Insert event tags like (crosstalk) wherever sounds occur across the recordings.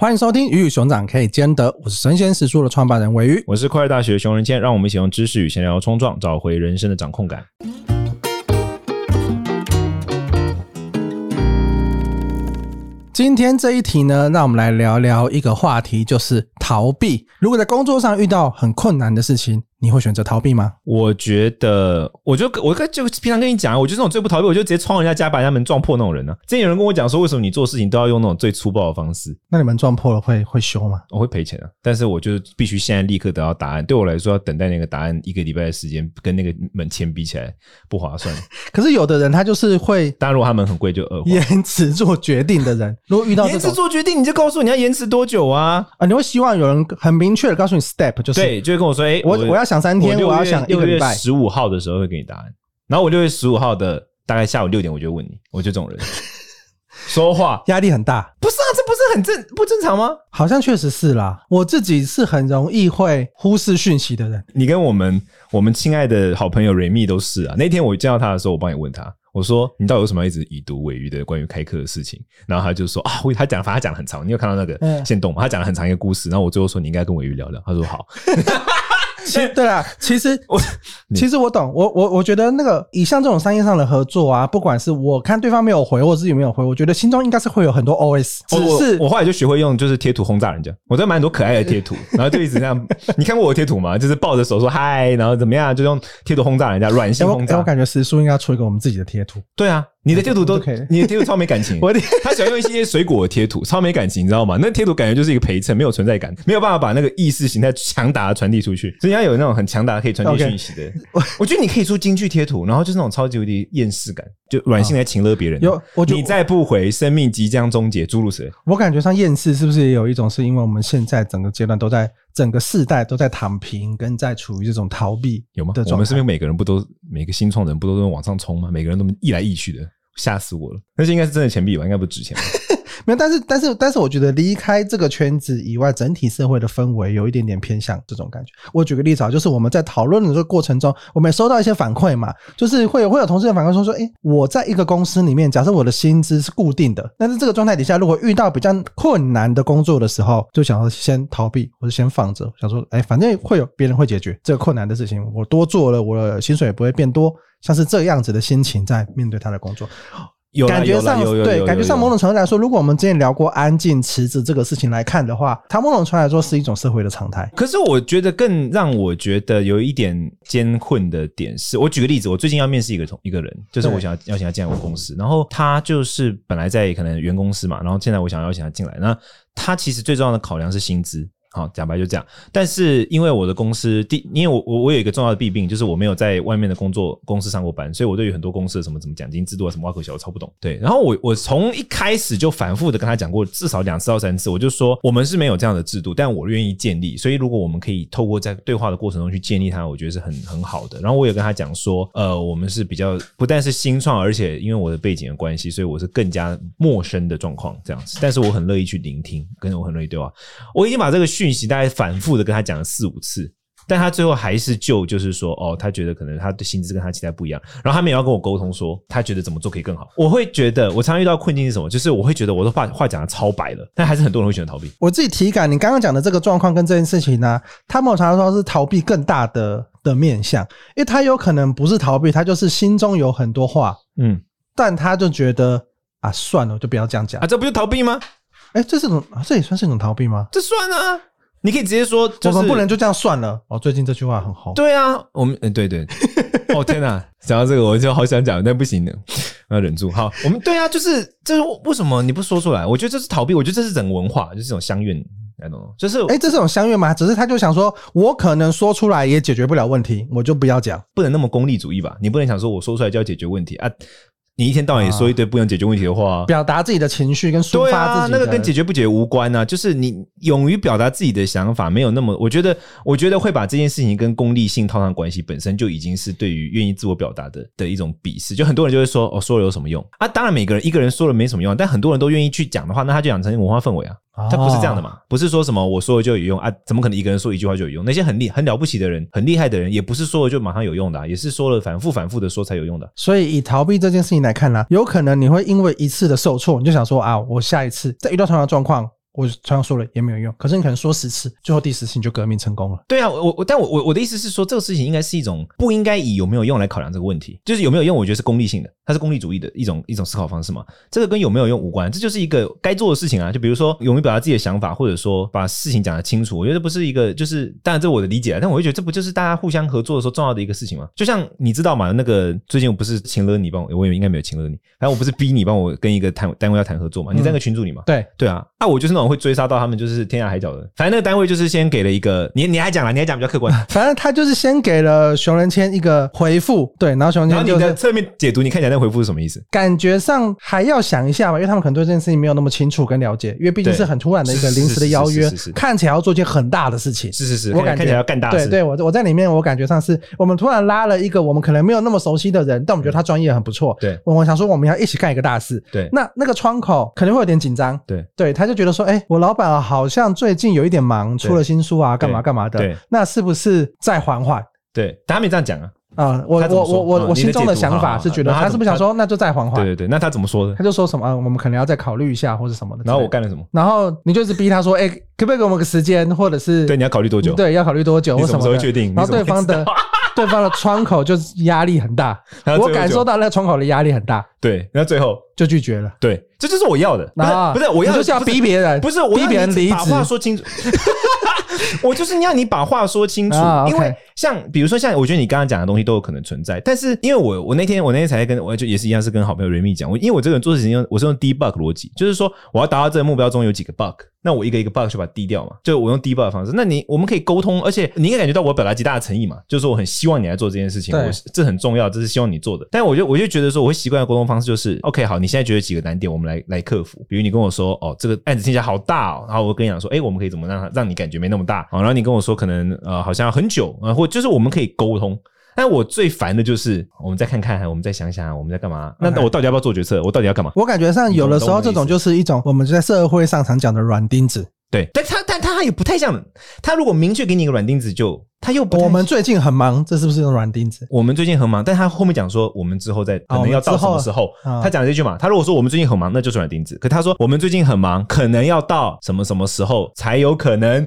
歡迎收聽《魚與熊掌可以兼得》，我是神仙食書的創辦人鮪魚，我是快樂大學的熊仁謙，讓我們一起用知識與閒聊衝撞，找回人生的掌控感。今天這一題呢，讓我們來聊聊一個話題，就是逃避。如果在工作上遇到很困難的事情，你會選擇逃避嗎？我覺得，我就我跟就平常跟你講，我就這種最不逃避，我就直接闖人家家，把人家門撞破那種人呢、啊。之前有人跟我講說，為什麼你做事情都要用那種最粗暴的方式？那你們撞破了會會修嗎？我會賠錢啊，但是我就必須現在立刻得到答案。對我來說，要等待那個答案一個禮拜的時間，跟那個門錢比起來不划算。 (laughs) 可是有的人他就是會，當然如果他們很貴就惡化延遲做決定的人，如果遇到延遲做決定，你就告訴你要延遲多久啊？啊，你會希望有人很明確的告訴你 step 就是，對，就會跟我說，欸、我我，我要。想三天，我六月，我要想六月十五號的時候會給你答案。然後我六月十五號的大概下午六點，我就問你。我就這種人， (laughs) 說話壓力很大。不是啊，這不是很正不正常嗎？好像確實是啦。我自己是很容易會忽視訊息的人。你跟我們我們親愛的好朋友 Remi 都是啊。那天我見到他的時候，我幫你問他，我說你到底有什麼要一直已讀鮪魚的關於開課的事情？然後他就說啊，他講，反正他講很長。你有看到那個限動嗎？嗯、他講了很長一個故事。然後我最後說你應該跟鮪魚聊聊。他說好。 (laughs) 其對啦對，其實我。 (laughs) 其實我懂，我我我覺得那個以像這種商業上的合作啊，不管是我看對方沒有回，我自己沒有回，我覺得心中應該是會有很多 OS。只是、哦、我,我後來就學會用就是貼圖轟炸人家，我覺得蠻多可愛的貼圖，然後就一直這樣。 (laughs) 你看過我的貼圖嗎？就是抱着手說嗨，然後怎麼樣，就用貼圖轟炸人家，軟性轟炸、欸我欸。我感覺時叔應該要出一個我們自己的貼圖。對啊，你的貼圖, (laughs) 圖都，你的貼圖超沒感情。 (laughs) 我的他喜歡用一些水果的貼圖，超沒感情，你知道嗎？那貼圖感覺就是一個陪襯，沒有存在感，沒有辦法把那個意識形態強大的傳遞出去。所以要有那種很強大可以傳遞訊息的。Okay. 我我覺得你可以出京劇貼圖，然後就是那種超級有一點厭世感，就軟性來情勒別人，哦。有我，你再不回，生命即將終結，諸如此類。我感覺上厭世是不是也有一種是因為我們現在整個階段都在整個世代都在躺平，跟在處於這種逃避有嗎？我們身邊每個人不都每個新創人不都是往上衝嗎？每個人都這麼一來一去的，嚇死我了。那些應該是真的錢幣吧？應該不值錢。 (laughs) 沒有，但是，但是，但是，我覺得離開這個圈子以外，整體社會的氛圍有一點點偏向這種感覺。我舉個例子啊，就是我們在討論的這個過程中，我們也收到一些反饋嘛，就是會有會有同事的反饋說說，誒，我在一個公司裡面，假設我的薪資是固定的，但是這個狀態底下，如果遇到比較困難的工作的時候，就想要先逃避，或者先放着，想說，誒，反正會有別人會解決這個困難的事情，我多做了，我的薪水也不會變多，像是這樣子的心情在面對他的工作。有感覺上有，對，有有有有有有有有感覺上某種程度來說，如果我們之前聊過安靜辭職這個事情來看的話，它某種程度來說是一種社會的常態。可是我覺得更讓我覺得有一點艱困的點是，我舉個例子，我最近要面試一個同一個人，就是我想要邀請他進來我公司，然後他就是本來在可能原公司嘛，然後現在我想要邀請他進來，那他其實最重要的考量是薪資。好，講白就這樣。但是因為我的公司，第因為我我我有一個重要的弊病，就是我沒有在外面的工作公司上過班，所以我對於很多公司的什麼什麼獎金制度啊什麼挖口小巧，我超不懂。對，然後我我從一開始就反覆的跟他講過，至少兩次到三次，我就說，我們是沒有這樣的制度，但我願意建立。所以如果我們可以透過在對話的過程中去建立它，我覺得是很很好的。然後我也跟他講說，呃，我們是比較不但是新創，而且因為我的背景的關係，所以我是更加陌生的狀況這樣子。但是我很樂意去聆聽，跟我很樂意對話。我已經把這個。訊息大概反覆的跟他講了四五次，但他最後還是就就是說，哦，他覺得可能他的心智跟他期待不一樣，然後他們也要跟我溝通說，他覺得怎麼做可以更好。我會覺得我常常遇到困境是什麼？就是我會覺得我的話話講的超白了，但還是很多人會選擇逃避。我自己體感，你剛剛講的這個狀況跟這件事情呢、啊，他們有常常說是逃避更大的的面向，因為他有可能不是逃避，他就是心中有很多話，嗯，但他就覺得啊算了，就不要這樣講、嗯、啊，這不就逃避嗎？哎、欸，這是一種，這也算是一種逃避嗎？這算啊。你可以直接說，我們不能就這樣算了。哦，最近這句話很好。對啊，我們，欸、對對， (laughs) 哦天吶，講到這個我就好想講，但不行的，我要忍住。好，我們對啊，就是這、就是為什麼你不說出來？我覺得這是逃避，我覺得這是整文化，就是這種鄉願，你懂嗎？就是誒、欸，這是種鄉愿嗎？只是他就想說，我可能說出來也解決不了問題，我就不要講。不能那麼功利主義吧？你不能想說我說出來就要解決問題啊。你一天到晚也說一堆不能解決問題的話，表達自己的情緒跟說法，那個跟解決不解決無關啊！就是你勇於表達自己的想法，沒有那麼，我覺得，我覺得會把這件事情跟功利性套上關係，本身就已經是對於願意自我表達的的一種鄙視。就很多人就會說，哦，說了有什麼用啊？當然，每個人一個人說了沒什麼用，但很多人都願意去講的話，那他就養成文化氛圍啊。他、哦、不是這樣的嘛，不是說什麼我說了就有用啊，怎麼可能一個人說一句話就有用？那些很厲很了不起的人，很厲害的人，也不是說了就馬上有用的、啊，也是說了反覆反覆的說才有用的、啊。所以以逃避這件事情來看呢、啊，有可能你會因為一次的受挫，你就想說啊，我下一次再遇到同樣的狀況，我常常說了也沒有用。可是你可能說十次，最後第十次你就革命成功了。對啊，我我但我我我的意思是說，這個事情應該是一種不應該以有沒有用來考量這個問題，就是有沒有用，我覺得是功利性的。它是功利主義的一種一種思考方式嘛？這個跟有沒有用無關，這就是一個該做的事情啊。就比如說勇於表達自己的想法，或者說把事情講得清楚。我覺得這不是一個，就是當然這是我的理解，但我會覺得這不就是大家互相合作的時候重要的一個事情嗎？就像你知道嘛，那個最近我不是請了你幫我，我也應該沒有請了你，還有我不是逼你幫我跟一個談單位要談合作嘛？你在那個群組裡嘛？嗯、對對啊，那、啊、我就是那種會追殺到他們就是天涯海角的。反正那個單位就是先給了一個你，你來講了，你來講比較客觀。反正他就是先給了熊仁謙一個回復，對，然後熊仁謙、就是、你的側面解讀，你看起來、那個回復是什麼意思？感覺上還要想一下吧，因為他們可能對這件事情沒有那麼清楚跟了解，因為畢竟是很突然的一個臨時的邀約，看起來要做件很大的事情。是是是，是，我感覺看起來要幹大事。對對，我我在裡面，我感覺上是我們突然拉了一個我們可能沒有那麼熟悉的人，但我們覺得他專業很不錯，嗯。對，我我想說我們要一起幹一個大事。對，那那個窗口可能會有點緊張。對對，他就覺得說，哎、欸，我老闆好像最近有一點忙，出了新書啊，幹嘛幹嘛的，對對，那是不是再緩緩？對，他沒這樣講啊。啊，我我我我我心中的想法是覺得，他是不想說，那就再緩緩。對對對，那他怎麼說的？他就說什麼，我們可能要再考慮一下，或者什麼的，的。然後我幹了什麼？然後你就是逼他說，欸，可不可以給我們個時間，或者是。對，你要考慮多久？對，要考慮多久，我什麼時候確定？然後對方的對方的窗口就是壓力很大。最後，我感受到那個窗口的壓力很大。對，然後最後。就拒絕了，對，這就是我要的，不是我要，啊、就是要逼別人，不是逼別人，我要你把話說清楚。 (laughs) (laughs) 我就是要你把話說清楚，啊、因為像、okay、比如說像我覺得你剛剛講的東西都有可能存在，但是因為我我那天我那天才跟我就也是一樣是跟好朋友瑞米講，我因為我這個人做的事情用我是用 debug 邏輯，就是說我要達到這個目標中有幾個 bug，那我一個一個 bug 就把它低掉嘛，就我用 debug 的方式。那你我們可以溝通，而且你應該感覺到我表達極大的誠意嘛，就是我很希望你來做這件事情，我這很重要，這是希望你做的。但我就我就覺得說，我會習慣的溝通方式就是 OK 好你。你現在覺得幾個難點，我們來來克服。比如你跟我說，哦，這個案子聽起來好大哦，然後我跟你講說，哎、欸，我們可以怎麼讓它讓你感覺沒那麼大哦。然後你跟我說，可能呃好像很久啊、呃，或就是我們可以溝通。但我最煩的就是，我們再看看，我們再想想，我們在幹嘛？那我到底要不要做決策？我到底要幹嘛？Okay. 我感覺上有的時候這種就是一種我們在社會上常講的軟釘子，對。他也不太像，他如果明確給你一個軟釘子就，就他又不太我們最近很忙，這是不是用軟釘子？我們最近很忙，但他後面講說，我們之後再可能要到什麼時候？哦了嗯、他講這句嘛？他如果說我們最近很忙，那就是軟釘子。可他說我們最近很忙，可能要到什麼什麼時候才有可能？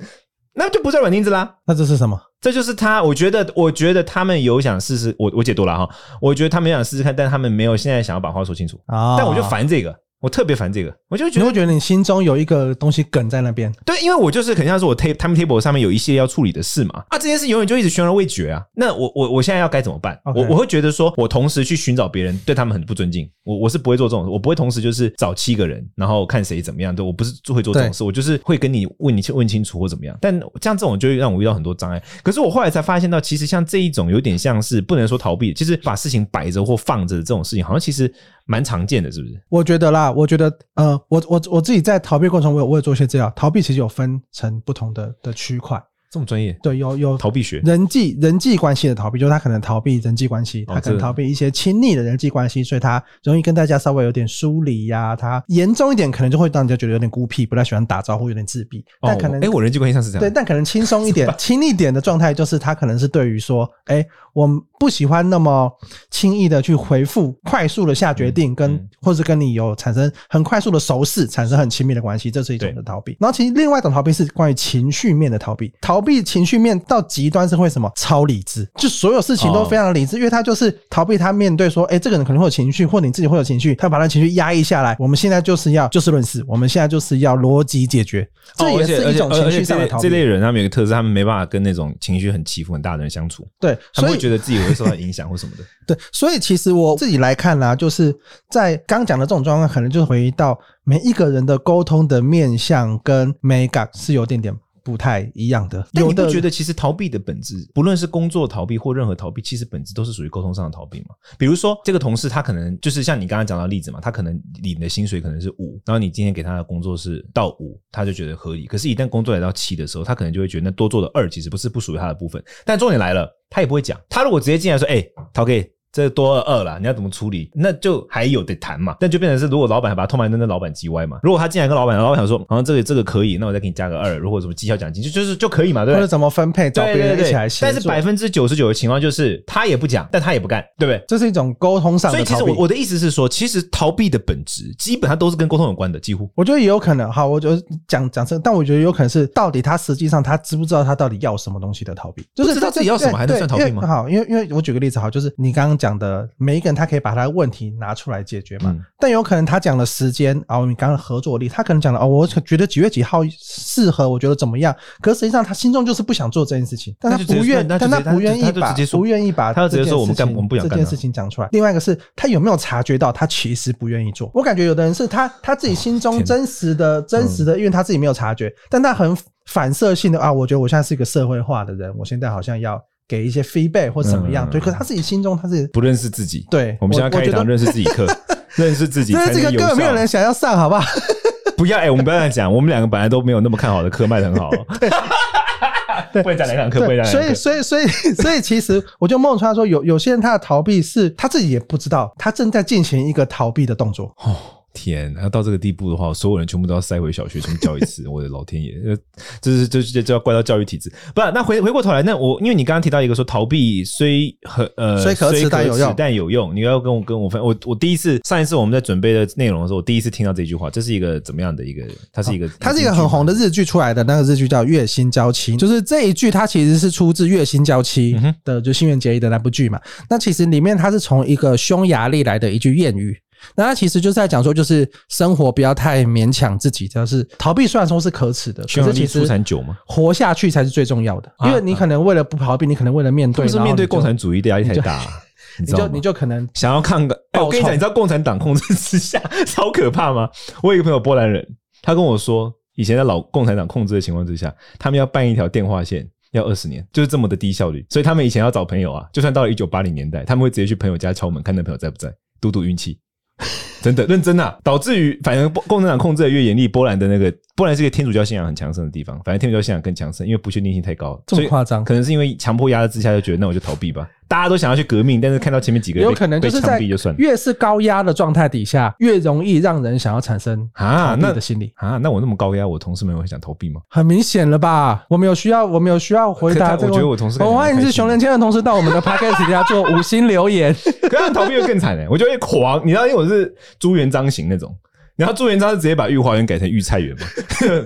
那就不是軟釘子啦。那這是什麼？這就是他。我覺得，我覺得他們有想試試。我我解讀了哈，我覺得他們有想試試看，但他們沒有現在想要把話說清楚啊、哦。但我就煩這個。我特別煩這個，我就覺得我覺得你心中有一個東西梗在那邊。對，因為我就是肯定是我 table time table 上面有一些要處理的事嘛。啊，這件事永遠就一直懸而未決啊。那我我我現在要該怎麼辦？Okay. 我我會覺得說，我同時去尋找別人，對他們很不尊敬。我我是不會做這種事，我不會同時就是找七個人，然後看誰怎麼樣。對，我不是會做這種事，我就是會跟你問你去問清楚或怎麼樣。但這樣這種就會讓我遇到很多障礙。可是我後來才發現到，其實像這一種有點像是不能說逃避，其實把事情擺着或放着這種事情，好像其實。蠻常見的，是不是？我覺得啦，我覺得，呃，我我我自己在逃避過程，我我也做一些治療。逃避其實有分成不同的的區塊。這麼專業，對，有有逃避學人際人際關係的逃避，就是他可能逃避人際關係，他可能逃避一些親密的人際關係，哦，所以他容易跟大家稍微有點疏離呀，啊。他嚴重一點，可能就會讓人家覺得有點孤僻，不太喜歡打招呼，有點自閉。但可能哎、哦欸，我人際關係上是這樣，對，但可能輕鬆一點、輕一點的狀態，就是他可能是對於說，哎、欸，我不喜歡那麼輕易的去回復、快速的下決定，跟或是跟你有產生很快速的熟識、產生很親密的關係，這是一種的逃避。然後其實另外一種逃避是關於情緒面的逃避逃。逃避情緒面到極端是會什麼？超理智，就所有事情都非常的理智，oh. 因為他就是逃避他面對說，哎、欸，這個人可能會有情緒，或你自己會有情緒，他把他的情緒壓抑下來。我們現在就是要就事、是、論事，我們現在就是要邏輯解決。這也是一種情緒上的逃避。這類人他們有個特質，他們沒辦法跟那種情緒很起伏很大的人相處。對，所以他們會覺得自己會受到影響或什麼的。 (laughs) 對，所以其實我自己來看呢、啊，就是在剛講的這種狀況，可能就是回到每一個人的溝通的面向跟美感是有點點。不太一樣的，但你不覺得其實逃避的本質，不論是工作逃避或任何逃避，其實本質都是屬於溝通上的逃避嘛？比如說這個同事，他可能就是像你剛剛講到例子嘛，他可能領的薪水可能是五，然後你今天給他的工作是到五，他就覺得可以。可是，一旦工作來到七的時候，他可能就會覺得那多做的二其實不是不屬於他的部分。但重點來了，他也不會講，他如果直接進來說，哎、欸，逃給。這多二二了，你要怎麼處理？那就還有得談嘛。但就變成是，如果老闆把他偷埋在那老闆機歪嘛。如果他進來跟老闆，老闆想說，好像這個這個可以，那我再給你加個二。如果有什麼績效獎金就就是就可以嘛，對不對？或者怎麼分配，找別人一起來寫。但是百分之九十九的情況就是他也不講，但他也不幹，對不對？這是一種溝通上的逃避。所以其實我，我的意思是說，其實逃避的本質基本上都是跟溝通有關的，幾乎。我覺得也有可能。好，我覺得講講這，但我覺得有可能是，到底他實際上他知不知道他到底要什麼東西的逃避？就是知道自己要什麼還能算逃避嗎？好，因為因為我舉個例子，哈，就是你剛剛。講的每一個人，他可以把他的問題拿出來解決嘛、嗯？但有可能他講的時間，啊、喔、我你剛剛合作力，他可能講了哦，喔、我覺得幾月幾號適合，我覺得怎麼樣？可實際上他心中就是不想做這件事情，但他不願，但他不願意把，不願意把這件事情，他直接說我們我們不想幹。這件事情講出來。另外一個是他有沒有察覺到他其實不願意做？我感覺有的人是他他自己心中真實的、哦、真實的，因為他自己沒有察覺，但他很反射性的、嗯、啊，我覺得我現在是一個社會化的人，我現在好像要。給一些 feedback 或怎麼樣，嗯、對，可是他自己心中他是不認識自己。對我，我們現在開一堂認識自己課，認識自己。 (laughs) 因為這個課沒有人想要上，好不好？不要，哎、欸，我們不要這樣講。 (laughs) 我們兩個本來都沒有那麼看好的課賣得很好、喔 (laughs) (laughs) 不。不會再來堂課，不會再來，所以，所以，所以，所以，所以其實，我就夢川說有，有有些人他的逃避是他自己也不知道，他正在進行一個逃避的動作。哦。天，要到這個地步的話，所有人全部都要塞回小學生教育詞。 (laughs) 我的老天爺，這、就、這是這這就，就，就要怪到教育體制。不，那回回過頭來，那我因為你剛剛提到一個說逃避雖，、呃、雖可呃雖可恥但有用，你要跟我跟我分我我第一次上一次我們在準備的內容的時候，我第一次聽到這一句話，這是一個怎麼樣的一個？它是一個，、哦、它，是一個，一個它是一個很紅的日劇出來的，那個日劇叫《月薪嬌妻》，就是這一句，它其實是出自《月薪嬌妻》的，嗯、就新垣結衣》的那部劇嘛。那其實裡面它是從一個匈牙利來的一句諺語。那他其實就是在講說，就是生活不要太勉強自己，要，就是逃避雖然說是可恥的，出產其實活下去才是最重要的。因為你可能為了不逃避，啊、你可能為了面對，就是面對共產主義的壓力太大，啊，你就，你，你，就你就可能想要抗個。哎，我跟你講，你知道共產黨控制之下超可怕嗎？我有一個朋友波蘭人，他跟我說，以前在老共產黨控制的情況之下，他們要辦一條電話線要二十年，就是這麼的低效率。所以他們以前要找朋友啊，就算到了一九八零年代，他們會直接去朋友家敲門，看那朋友在不在，賭賭運氣。 (laughs) 真的，認真吶、啊， (laughs) 導致於，反正共產黨控制的越嚴厲，波蘭的那個。不然是個天主教信仰很強盛的地方，反正天主教信仰更強盛，因為不確定性太高這麼誇張，所以誇張，可能是因為強迫壓力之下就覺得，那我就逃避吧。大家都想要去革命，但是看到前面幾個人被有可能就算了。越是高壓的狀態底下，越容易讓人想要產生啊那的心理啊，啊，那我那麼高壓，我同事們會想逃避嗎？很明顯了吧？我們有需要，我們有需要回答。我覺得我同事我、哦、歡迎是熊仁謙的同事到我們的 podcast 裡邊做五星留言。 (laughs) (laughs) 可能逃避就更慘了、欸，我就會狂，你知道，因為我是朱元璋型那種。然後朱元璋，就直接把御花園改成御菜園嘛？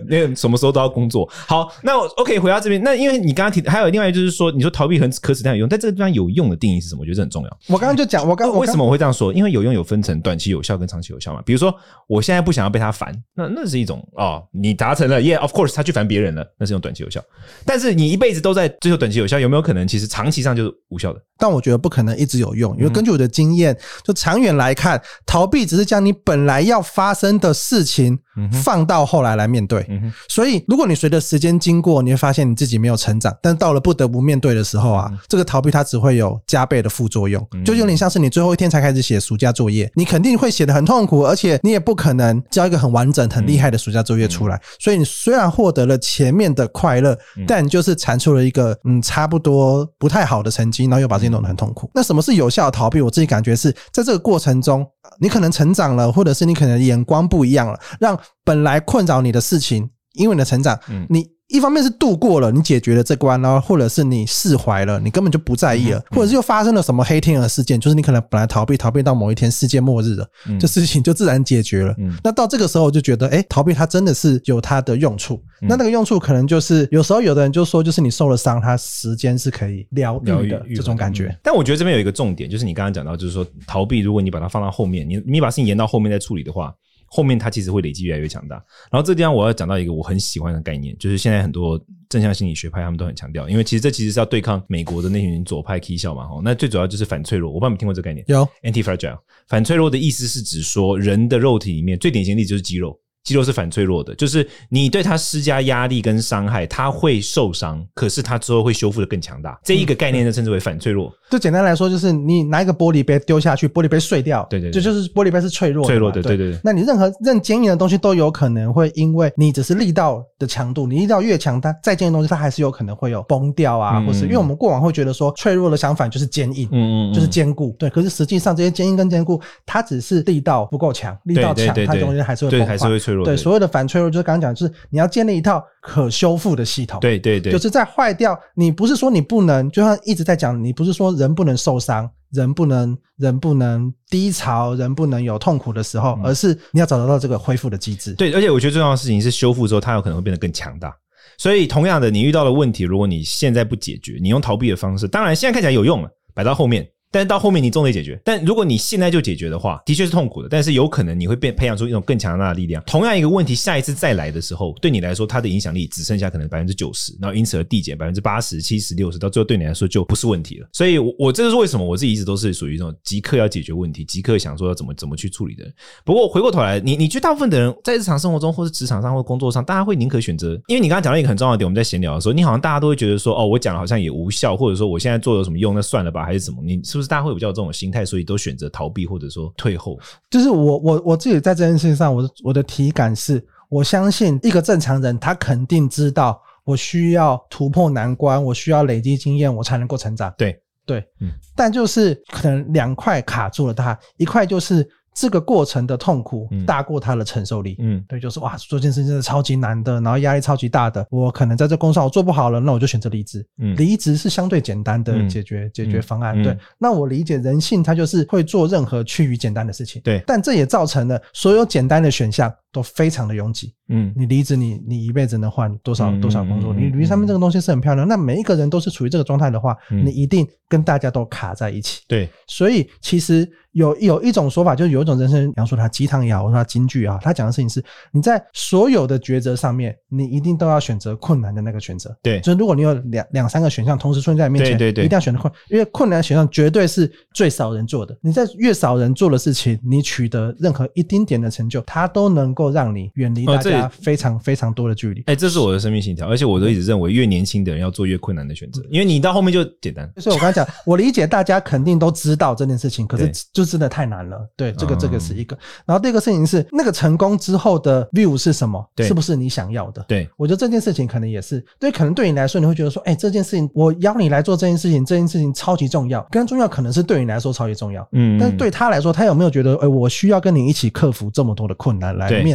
你 (laughs) (laughs) 什麼時候都要工作。好，那我 OK，回到這邊。那因為你剛剛提，還有另外一個就是說，你說逃避，很可恥但有用，但這個地方有用的定義是什麼？我覺得這很重要。我剛剛就講，我剛、哦、為什麼我會這樣說？因為有用有分成，短期有效跟長期有效嘛。比如說，我現在不想要被他煩，那那是一種哦，你達成了，Yeah，of course，他去煩別人了，那是用短期有效。但是你一輩子都在追求短期有效，有沒有可能其實長期上就是無效的？但我覺得不可能一直有用，因為根據我的經驗，嗯、就長遠來看，逃避只是將你本來要發生的事情放到後來來面對，所以如果你隨着時間經過，你會發現你自己沒有成長。但到了不得不面對的時候啊，這個逃避它只會有加倍的副作用。就有點像是你最後一天才開始寫暑假作業，你肯定會寫得很痛苦，而且你也不可能交一個很完整、很厲害的暑假作業出來。所以你雖然獲得了前面的快樂，但你就是產出了一個嗯差不多不太好的成績，然後又把自己弄得很痛苦。那什麼是有效的逃避？我自己感覺是在這個過程中。你可能成長了，或者是你可能眼光不一樣了，讓本來困擾你的事情，因為你的成長，你，嗯。一方面是度過了，你解決了這關，然後或者是你釋懷了，你根本就不在意了，或者是又發生了什麼黑天鵝事件，就是你可能本來逃避逃避到某一天世界末日了，這事情就自然解決了。那到這個時候我就覺得，哎，逃避它真的是有它的用處。那那個用處可能就是有時候有的人就說，就是你受了傷，它時間是可以療癒的這種感覺。但我覺得這邊有一個重點，就是你剛剛講到，就是說逃避，如果你把它放到後面，你你把事情延到後面再處理的話。後面他其實會累積越來越強大。然後這個地方我要講到一個我很喜歡的概念，就是現在很多正向心理學派他們都很強調，因為其實這其實是要對抗美國的那群左派 key 小嘛。哈，那最主要就是反脆弱。我不知道你聽過這個概念？Anti-fragile。反脆弱的意思是指說人的肉體裡面最典型的例子就是肌肉。肌肉是反脆弱的，就是你對它施加壓力跟傷害，它會受傷，可是它之後會修復的更強大。這一個概念就稱之為反脆弱。嗯、就簡單來說，就是你拿一個玻璃杯丟下去，玻璃杯碎掉。對，對對。就就是玻璃杯是脆弱的，脆弱的。對對對，對。那你任何任堅硬的東西都有可能會因為你只是力道的強度，你力道越強，它再堅硬的東西它還是有可能會有崩掉啊，嗯、或是因為我們過往會覺得說脆弱的相反就是堅硬，嗯，嗯嗯，就是堅固。對。可是實際上這些堅硬跟堅固，它只是力道不夠強，力道強它中間還是會崩壞，還是會脆弱。對,對，所有的反脆弱就是剛剛講，就是你要建立一套可修復的系統。對對對，就是在壞掉，你不是說你不能，就像一直在講，你不是說人不能受傷，人不能人不能低潮，人不能有痛苦的時候，而是你要找得到這個恢復的機制。嗯，對，而且我覺得最重要的事情是修復之後，它有可能會變得更強大。所以同樣的，你遇到的問題，如果你現在不解決，你用逃避的方式，當然現在看起來有用了，擺到後面。但是到後面你總得解決，但如果你現在就解決的話，的確是痛苦的。但是有可能你會被培養出一種更強大的力量。同樣一個問題，下一次再來的時候，對你來說它的影響力只剩下可能百分之九十，然後因此而遞減百分之八十、七十、六十，到最後對你來說就不是問題了。所以我，我我這是為什麼我自己一直都是屬於這種即刻要解決問題，即刻想說要怎麼怎麼去處理的人。不過回過頭來，你你絕大部分的人在日常生活中，或是職場上，或是工作上，大家會寧可選擇，因為你剛剛講到一個很重要的點，我們在閒聊的時候，你好像大家都會覺得說，哦，我講的好像也無效，或者說我現在做有什麼用？那算了吧，還是怎麼你。就是，是大家會比較有這種心態，所以都選擇逃避或者說退後。就是我我我自己在這件事情上，我的我的體感是我相信一個正常人，他肯定知道我需要突破難關，我需要累積經驗，我才能夠成長。對對、嗯，但就是可能兩塊卡住了他一塊就是。這個過程的痛苦大過他的承受力，嗯，嗯，對，就是哇，做件事真的超級難的，然後壓力超級大的，我可能在這工司我做不好了，那我就選擇離職，嗯，離職是相對簡單的解決、嗯、解決方案、嗯嗯，對，那我理解人性，他就是會做任何趨於簡單的事情，對、嗯嗯，但這也造成了所有簡單的選項。都非常的擁擠。嗯，你離職，你你一輩子能換多少多少工作？嗯嗯嗯嗯、你履歷上面這個東西是很漂亮。那每一個人都是處於這個狀態的話、嗯，你一定跟大家都卡在一起。嗯、對，所以其實有有一種說法，就是有一種人生描述，他雞湯也好，我說他金句也好，他講、啊、的事情是：你在所有的抉擇上面，你一定都要選擇困難的那個選擇。對，就是如果你有兩兩三個選項同時出現在你面前，對對，對，一定要選擇困，因為困難選項絕對是最少人做的。你在越少人做的事情，你取得任何一丁點的成就，它都能夠。讓你遠離大家非常非常多的距離。哎、哦欸，這是我的生命信條，而且我都一直認為，越年輕的人要做越困難的選擇，因為你到後面就簡單。就是我剛才講，我理解大家肯定都知道這件事情， (laughs) 可是就真的太難了。對，這個、嗯、這個是一個。然後第二個事情是，那個成功之後的 view 是什麼？是不是你想要的？對我覺得這件事情可能也是，對，可能對你來說你會覺得說，哎、欸，這件事情我邀你來做這件事情，這件事情超級重要，更重要可能是對你來說超級重要。嗯,嗯，但是對他來說，他有沒有覺得，哎、欸，我需要跟你一起克服這麼多的困難來面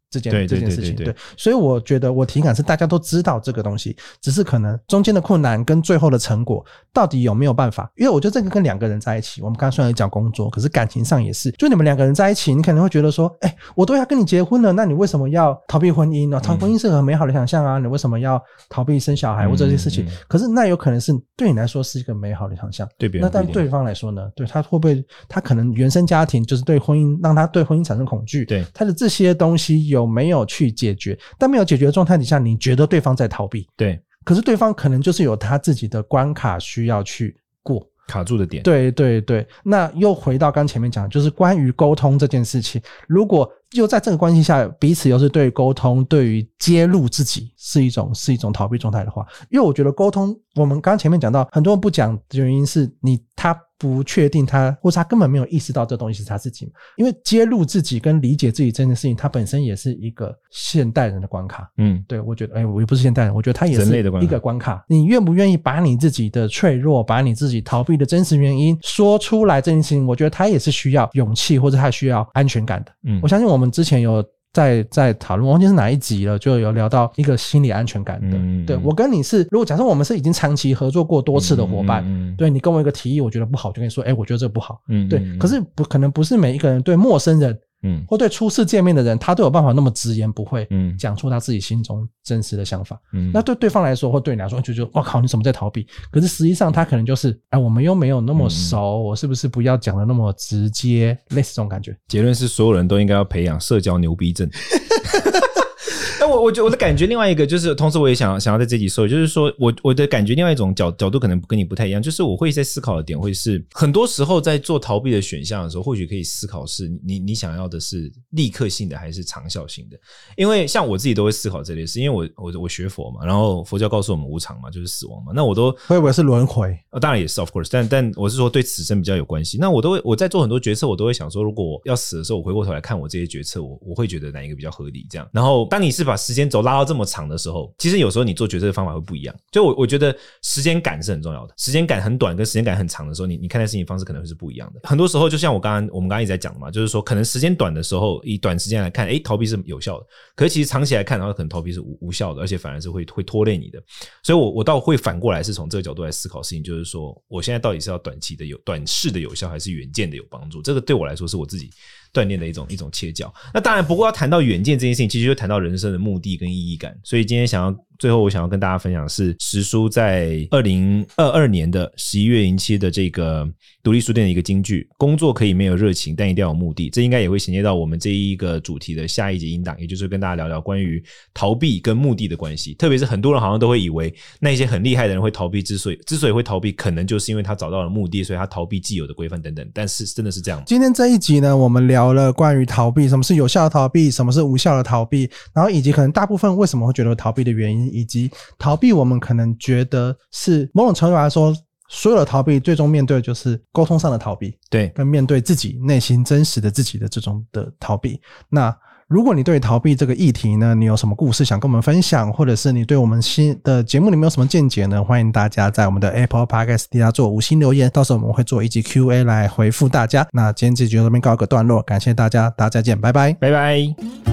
這件對對對對對這件事情，對，所以我覺得我體感是大家都知道這個東西，只是可能中間的困難跟最後的成果到底有沒有辦法？因為我覺得這個跟兩個人在一起，我們剛剛雖然講工作，可是感情上也是，就你們兩個人在一起，你可能會覺得說，哎、欸，我都要跟你結婚了，那你為什麼要逃避婚姻呢？談婚姻是很美好的想象啊，你為什麼要逃避生小孩或者這些事情，嗯嗯？可是那有可能是對你來說是一個美好的想象，對，對，那但對方來說呢？對，他會不會他可能原生家庭就是對婚姻讓他對婚姻產生恐懼？對，他的這些東西有。有沒有去解決？但沒有解決的狀態底下，你覺得對方在逃避？對，可是對方可能就是有他自己的關卡需要去過，卡住的點。對對對，那又回到剛前面講，就是關於溝通這件事情。如果又在這個關係下，彼此又是對溝通、對於揭露自己是一種是一種逃避狀態的話，因為我覺得溝通，我們剛前面講到，很多人不講的原因是你他。不確定他，或者他根本沒有意識到這東西是他自己，因為揭露自己跟理解自己這件事情，他本身也是一個現代人的關卡。嗯，對，我覺得，哎、欸，我又不是現代人，我覺得他也是一個關卡。關卡。你願不願意把你自己的脆弱，把你自己逃避的真實原因說出來？這件事情，我覺得他也是需要勇氣，或者他需要安全感的。嗯，我相信我們之前有。在在討論，我忘記是哪一集了，就有聊到一個心理安全感的。嗯嗯嗯，對，我跟你是，如果假設我們是已經長期合作過多次的伙伴，嗯嗯嗯，對，你跟我一個提議，我覺得不好，就跟你說，哎、欸，我覺得這不好。嗯，嗯，嗯，對。可是不可能不是每一個人對陌生人。嗯，或對初次見面的人，他都有辦法那麼直言不諱，嗯，講出他自己心中真實的想法。嗯，那對對方來說，或對你來說就就，就覺得哇靠，你怎麼在逃避？可是實際上他可能就是，哎，我們又沒有那麼熟，我是不是不要講的那麼直接，類似這種感覺。結論是，所有人都應該要培養社交牛逼症。 (laughs) 但我我覺得我的感覺另外一個就是，同時我也想想要在這集說，就是說我我的感覺另外一種角角度可能跟你不太一樣，就是我會在思考的點會是很多時候在做逃避的選項的時候，或許可以思考是你你想要的是立刻性的還是長效性的？因為像我自己都會思考這類事，因為我我我學佛嘛，然後佛教告訴我們無常嘛，就是死亡嘛，那我都會不會是輪回？哦，當然也是，of course 但，但但我是說對此生比較有關係。那我都會我在做很多決策，我都會想說，如果我要死的時候，我回過頭來看我這些決策，我我會覺得哪一個比較合理？這樣。然後當你是把把時間軸拉到這麼長的時候，其實有時候你做決策的方法會不一樣。就我我覺得時間感是很重要的，時間感很短跟時間感很長的時候，你你看待事情方式可能會是不一樣的。很多時候，就像我剛剛我們剛剛一直在講的嘛，就是說可能時間短的時候，以短時間來看，誒、欸，逃避是有效的。可是其實長期來看，然後可能逃避是無無效的，而且反而是會會拖累你的。所以我，我我倒會反過來是從這個角度來思考事情，就是說我現在到底是要短期的有，短視的有效，還是遠見的有幫助？這個對我來說是我自己。鍛鍊的一種一種切角，那當然，不過要談到遠見這件事情，其實就談到人生的目的跟意義感，所以今天想要。最後，我想要跟大家分享的是，石叔在二零二二年的十一月一期的這個獨立書店的一個金句：“工作可以沒有熱情，但一定要有目的。”這應該也會銜接到我們這一個主題的下一集音檔，也就是跟大家聊聊關於逃避跟目的的關係。特別是很多人好像都會以為，那些很厲害的人會逃避，之所以之所以會逃避，可能就是因為他找到了目的，所以他逃避既有的規範等等。但是真的是這樣？今天這一集呢，我們聊了關於逃避，什麼是有效的逃避，什麼是無效的逃避，然後以及可能大部分為什麼會覺得逃避的原因。以及逃避，我們可能覺得是某種程度來說，所有的逃避最終面對的就是溝通上的逃避，對，跟面對自己內心真實的自己的這種的逃避。那如果你對逃避這個議題呢，你有什麼故事想跟我們分享，或者是你對我們新的節目裡面有什麼見解呢？歡迎大家在我們的 Apple Podcast 底下做五星留言，到時候我們會做一集 Q&A 來回復大家。那今天這集就這邊告一個段落，感謝大家，大家再見，拜拜，拜拜。